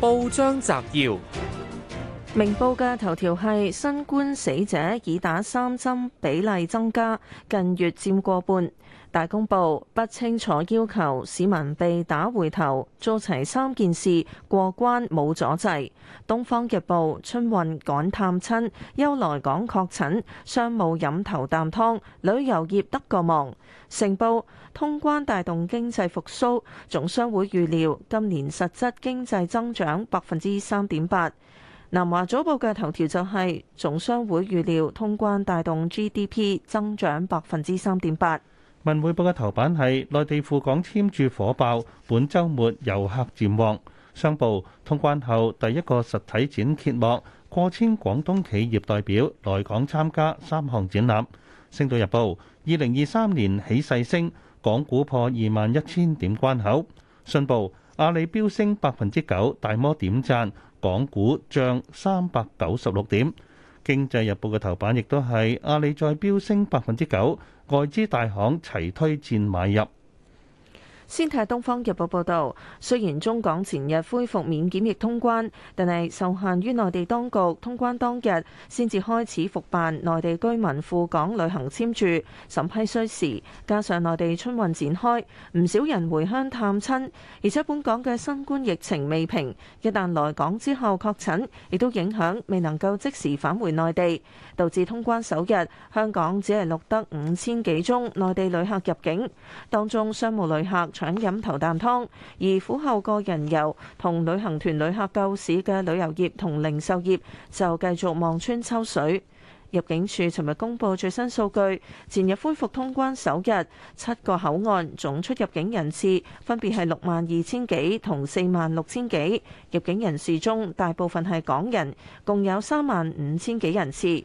報章摘要：明報嘅頭條係，新冠死者已打三針比例增加，近月佔過半。大公報不清楚要求市民被打回頭做齊三件事，過關冇阻滯。東方日報春運趕探親，休憂來港確診，商務飲頭啖湯，旅遊業得個忙。成報通關帶動經濟復甦，總商會預料今年實質經濟增長百分之三點八。南華早報嘅頭條就係、是、總商會預料通關帶動 GDP 增長百分之三點八。文匯報嘅頭版係內地赴港簽注火爆，本周末遊客漸旺。商報通關後第一個實體展揭幕，過千廣東企業代表來港參加三項展覽。星島日報：二零二三年起勢升，港股破二萬一千點關口。信報：阿里飆升百分之九，大摩點讚，港股漲三百九十六點。經濟日報嘅頭版亦都係阿里再飆升百分之九。外資大行齊推薦買入。先睇《東方日報》報道，雖然中港前日恢復免檢疫通關，但係受限於內地當局，通關當日先至開始復辦內地居民赴港旅行簽注，審批需時，加上內地春運展開，唔少人回鄉探親，而且本港嘅新冠疫情未平，一旦來港之後確診，亦都影響未能夠即時返回內地，導致通關首日，香港只係錄得五千幾宗內地旅客入境，當中商務旅客。搶飲頭啖湯，而府後個人遊同旅行團旅客救市嘅旅遊業同零售業就繼續望穿秋水。入境處尋日公布最新數據，前日恢復通關首日，七個口岸總出入境人次分別係六萬二千幾同四萬六千幾。入境人士中大部分係港人，共有三萬五千幾人次。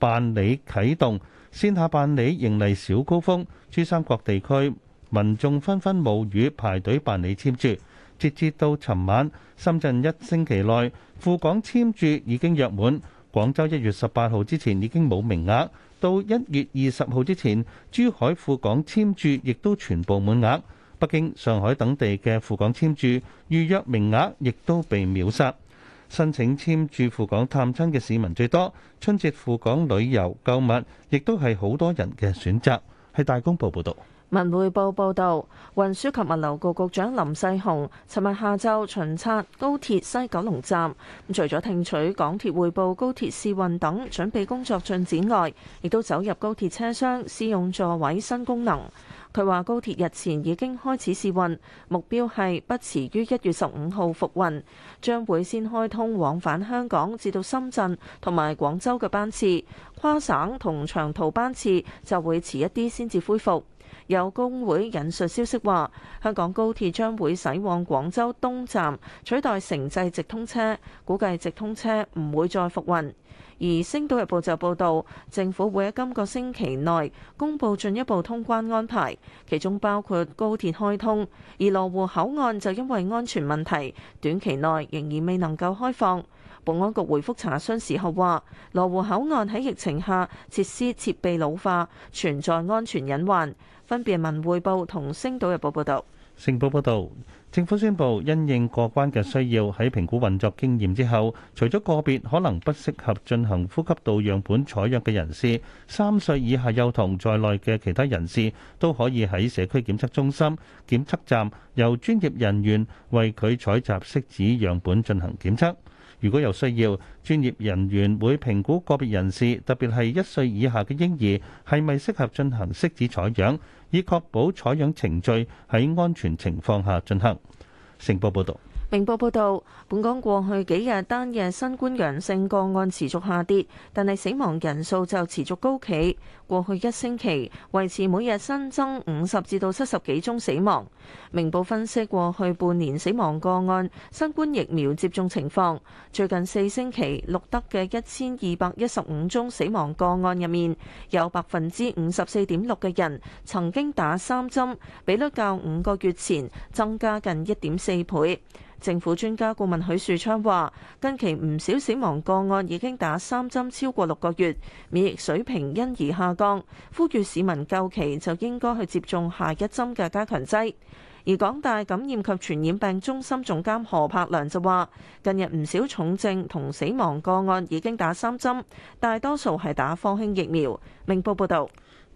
辦理啟動線下辦理迎嚟小高峰，珠三角地區民眾紛紛冒雨排隊辦理簽注。截至到尋晚，深圳一星期內，赴港簽注已經約滿；廣州一月十八號之前已經冇名額，到一月二十號之前，珠海赴港簽注亦都全部滿額。北京、上海等地嘅赴港簽注預約名額亦都被秒殺。申請簽注赴港探親嘅市民最多，春節赴港旅遊、購物亦都係好多人嘅選擇。喺大公報報導。文匯報報道，運輸及物流局局長林世雄，尋日下晝巡查高鐵西九龍站。除咗聽取港鐵匯報高鐵試運等準備工作進展外，亦都走入高鐵車廂試用座位新功能。佢話高鐵日前已經開始試運，目標係不遲於一月十五號復運，將會先開通往返香港至到深圳同埋廣州嘅班次，跨省同長途班次就會遲一啲先至恢復。有工會引述消息話，香港高鐵將會駛往廣州東站，取代城際直通車。估計直通車唔會再復運。而《星島日報》就報道，政府會喺今個星期內公布進一步通關安排，其中包括高鐵開通。而羅湖口岸就因為安全問題，短期內仍然未能夠開放。保安局回覆查詢時候話，羅湖口岸喺疫情下設施設備老化，存在安全隱患。分別文匯報同星島日報報導。星報報導，政府宣布因應過關嘅需要，喺評估運作經驗之後，除咗個別可能不適合進行呼吸道樣本採樣嘅人士，三歲以下幼童在內嘅其他人士都可以喺社區檢測中心檢測站，由專業人員為佢採集拭子樣本進行檢測。如果有需要，專業人員會評估個別人士，特別係一歲以下嘅嬰兒，係咪適合進行拭子採樣，以確保採樣程序喺安全情況下進行。成報報道。明報報導，本港過去幾日單日新冠陽性個案持續下跌，但係死亡人數就持續高企。過去一星期維持每日新增五十至到七十幾宗死亡。明報分析過去半年死亡個案、新冠疫苗接種情況，最近四星期錄得嘅一千二百一十五宗死亡個案入面，有百分之五十四點六嘅人曾經打三針，比率較五個月前增加近一點四倍。政府專家顧問許樹昌話：近期唔少死亡個案已經打三針超過六個月，免疫水平因而下降，呼籲市民夠期就應該去接種下一針嘅加強劑。而港大感染及傳染病中心總監何柏良就話：近日唔少重症同死亡個案已經打三針，大多數係打科興疫苗。明報報道。《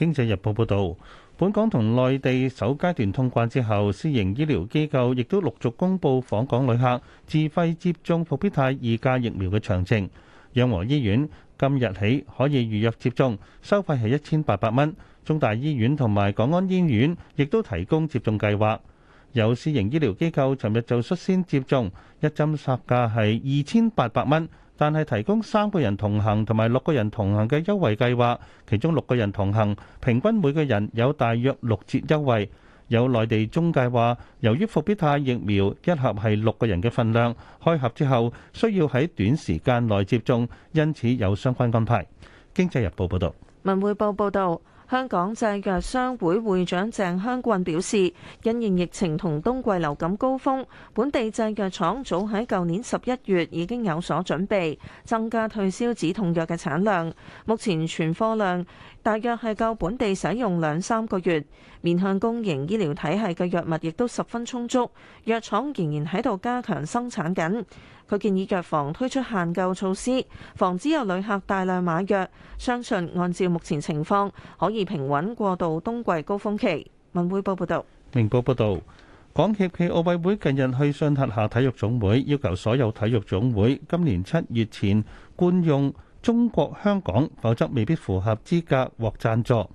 經濟日報》報道。本港同內地首階段通關之後，私營醫療機構亦都陸續公布訪港旅客自費接種復必泰二價疫苗嘅詳情。養和醫院今日起可以預約接種，收費係一千八百蚊。中大醫院同埋港安醫院亦都提供接種計劃。有私營醫療機構尋日就率先接種，一針殺價係二千八百蚊。但係提供三個人同行同埋六個人同行嘅優惠計劃，其中六個人同行平均每個人有大約六折優惠。有內地中介話，由於復必泰疫苗一盒係六個人嘅份量，開盒之後需要喺短時間內接種，因此有相關安排。經濟日報報道。文匯報報導。香港製藥商會會長鄭香郡表示，因應疫情同冬季流感高峰，本地製藥廠早喺舊年十一月已經有所準備，增加退燒止痛藥嘅產量。目前存貨量大約係夠本地使用兩三個月。面向公營醫療體系嘅藥物亦都十分充足，藥廠仍然喺度加強生產緊。佢建議藥房推出限購措施，防止有旅客大量買藥。相信按照目前情況，可以平穩過渡冬季高峰期。文匯報報道：明報報導，港協暨奧委會近日去信轄下體育總會，要求所有體育總會今年七月前冠用中國香港，否則未必符合資格獲贊助。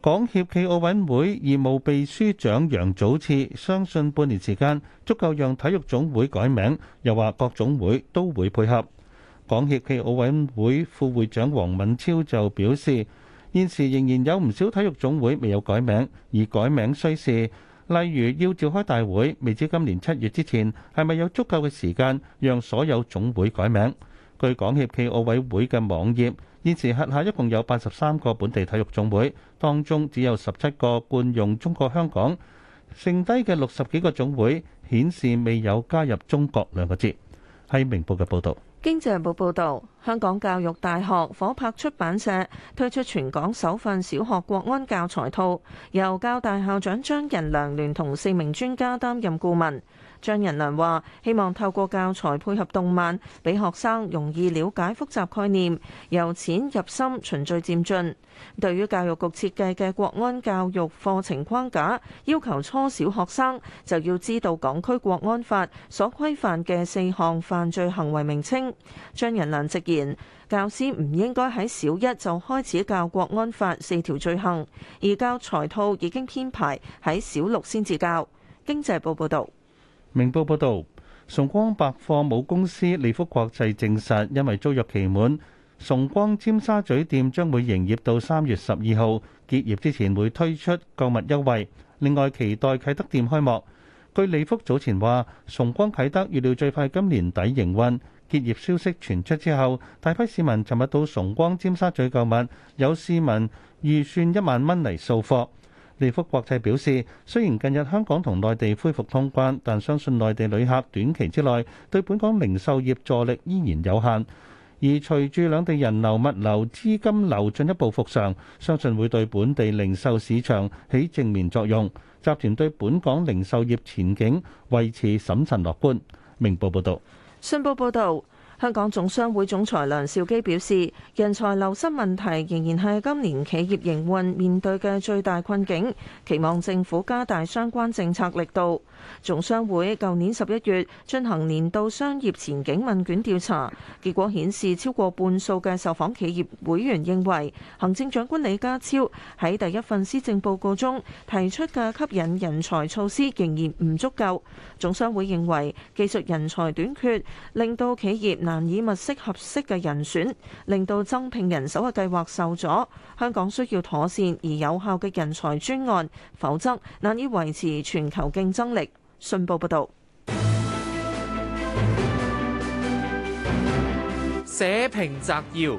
港協暨奧委會義務秘書長楊祖次相信半年時間足夠讓體育總會改名，又話各總會都會配合。港協暨奧委會副會長黃敏超就表示，現時仍然有唔少體育總會未有改名，而改名需時。例如要召開大會，未知今年七月之前係咪有足夠嘅時間讓所有總會改名。據港協暨奧委會嘅網頁，現時轄下一共有八十三個本地體育總會，當中只有十七個冠用中國香港，剩低嘅六十幾個總會顯示未有加入中國兩個字。係明報嘅報導。經濟日報報導，香港教育大學火拍出版社推出全港首份小學國安教材套，由教大校長張仁良聯同四名專家擔任顧問。張仁良話：希望透過教材配合動漫，俾學生容易了解複雜概念，由淺入深，循序漸進。對於教育局設計嘅國安教育課程框架，要求初小學生就要知道港區國安法所規範嘅四項犯罪行為名稱。張仁良直言，教師唔應該喺小一就開始教國安法四條罪行，而教材套已經編排喺小六先至教。經濟報報導。明報報導，崇光百貨母公司利福國際證實，因為租約期滿，崇光尖沙咀店將會營業到三月十二號，結業之前會推出購物優惠。另外，期待啟德店開幕。據利福早前話，崇光啟德預料最快今年底營運。結業消息傳出之後，大批市民尋日到崇光尖沙咀購物，有市民預算一萬蚊嚟掃貨。利福國際表示，雖然近日香港同內地恢復通關，但相信內地旅客短期之內對本港零售業助力依然有限。而隨住兩地人流、物流、資金流進一步復常，相信會對本地零售市場起正面作用。集團對本港零售業前景維持審慎樂觀。明報報導。信報報導，香港總商會總裁梁兆基表示，人才流失問題仍然係今年企業營運面對嘅最大困境，期望政府加大相關政策力度。總商會舊年十一月進行年度商業前景問卷調查，結果顯示超過半數嘅受訪企業會員認為，行政長官李家超喺第一份施政報告中提出嘅吸引人才措施仍然唔足夠。總商會認為，技術人才短缺令到企業。難以物色合適嘅人選，令到增聘人手嘅計劃受阻。香港需要妥善而有效嘅人才專案，否則難以維持全球競爭力。信報報道：社評摘要。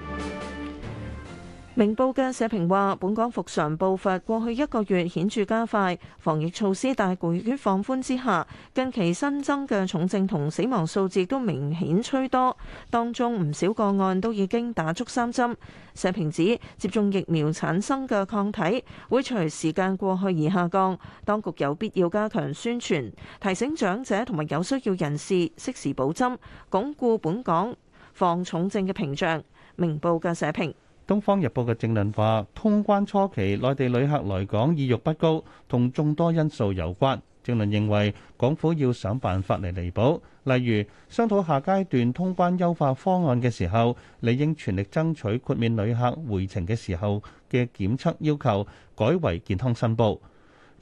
明報嘅社評話：本港復常步伐過去一個月顯著加快，防疫措施大舉放寬之下，近期新增嘅重症同死亡數字都明顯趨多，當中唔少個案都已經打足三針。社評指，接種疫苗產生嘅抗體會隨時間過去而下降，當局有必要加強宣傳，提醒長者同埋有需要人士適時補針，鞏固本港防重症嘅屏障。明報嘅社評。《東方日報》嘅政論話，通關初期，內地旅客來港意欲不高，同眾多因素有關。政論認為，港府要想辦法嚟彌補，例如商討下階段通關優化方案嘅時候，理應全力爭取豁免旅客回程嘅時候嘅檢測要求，改為健康申報。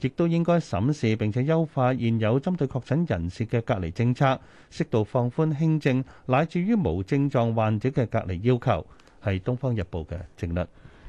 亦都應該審視並且優化現有針對確診人士嘅隔離政策，適度放寬輕症乃至於無症狀患者嘅隔離要求。《係東方日報》嘅正論。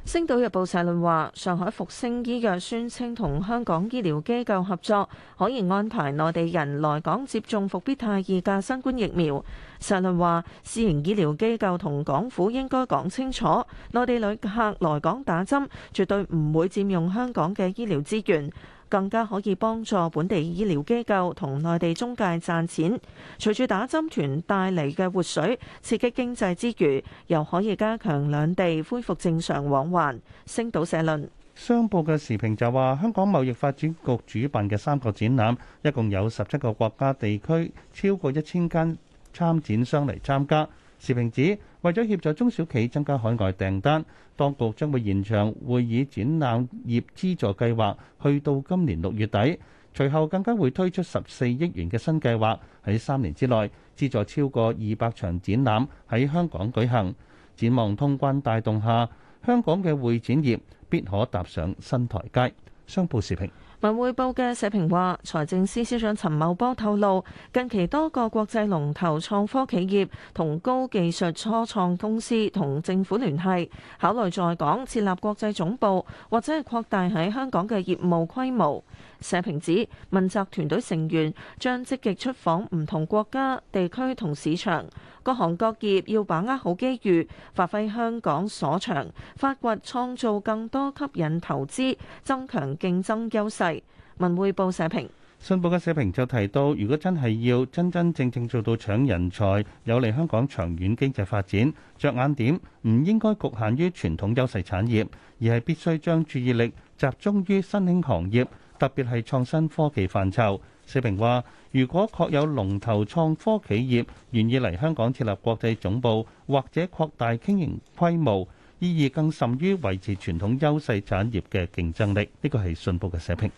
《星島日報》社論話：上海復星醫藥宣稱同香港醫療機構合作，可以安排內地人來港接種復必泰二價新冠疫苗。社論話：私營醫療機構同港府應該講清楚，內地旅客來港打針絕對唔會佔用香港嘅醫療資源，更加可以幫助本地醫療機構同內地中介賺錢，隨住打針團帶嚟嘅活水，刺激經濟之餘，又可以加強兩地恢復正常往還。星島社論。商報嘅時評就話：香港貿易發展局主辦嘅三個展覽，一共有十七個國家地區，超過一千間參展商嚟參加。時評指，為咗協助中小企增加海外訂單，當局將會延長會議展覽業資助計劃，去到今年六月底。隨後更加會推出十四億元嘅新計劃，喺三年之內資助超過二百場展覽喺香港舉行。展望通關帶動下，香港嘅會展業必可踏上新台階。商報時評。文匯報嘅社評話，財政司司長陳茂波透露，近期多個國際龍頭創科企業同高技術初創公司同政府聯繫，考慮在港設立國際總部或者係擴大喺香港嘅業務規模。社評指，問責團隊成員將積極出訪唔同國家、地區同市場，各行各業要把握好機遇，發揮香港所長，發掘創造更多吸引投資、增強競爭優勢。文匯報社評，信報嘅社評就提到，如果真係要真真正正做到搶人才，有利香港長遠經濟發展，着眼點唔應該局限於傳統優勢產業，而係必須將注意力集中於新興行業，特別係創新科技範疇。社評話，如果確有龍頭創科企業願意嚟香港設立國際總部，或者擴大經營規模，意義更甚於維持傳統優勢產業嘅競爭力。呢個係信報嘅社評。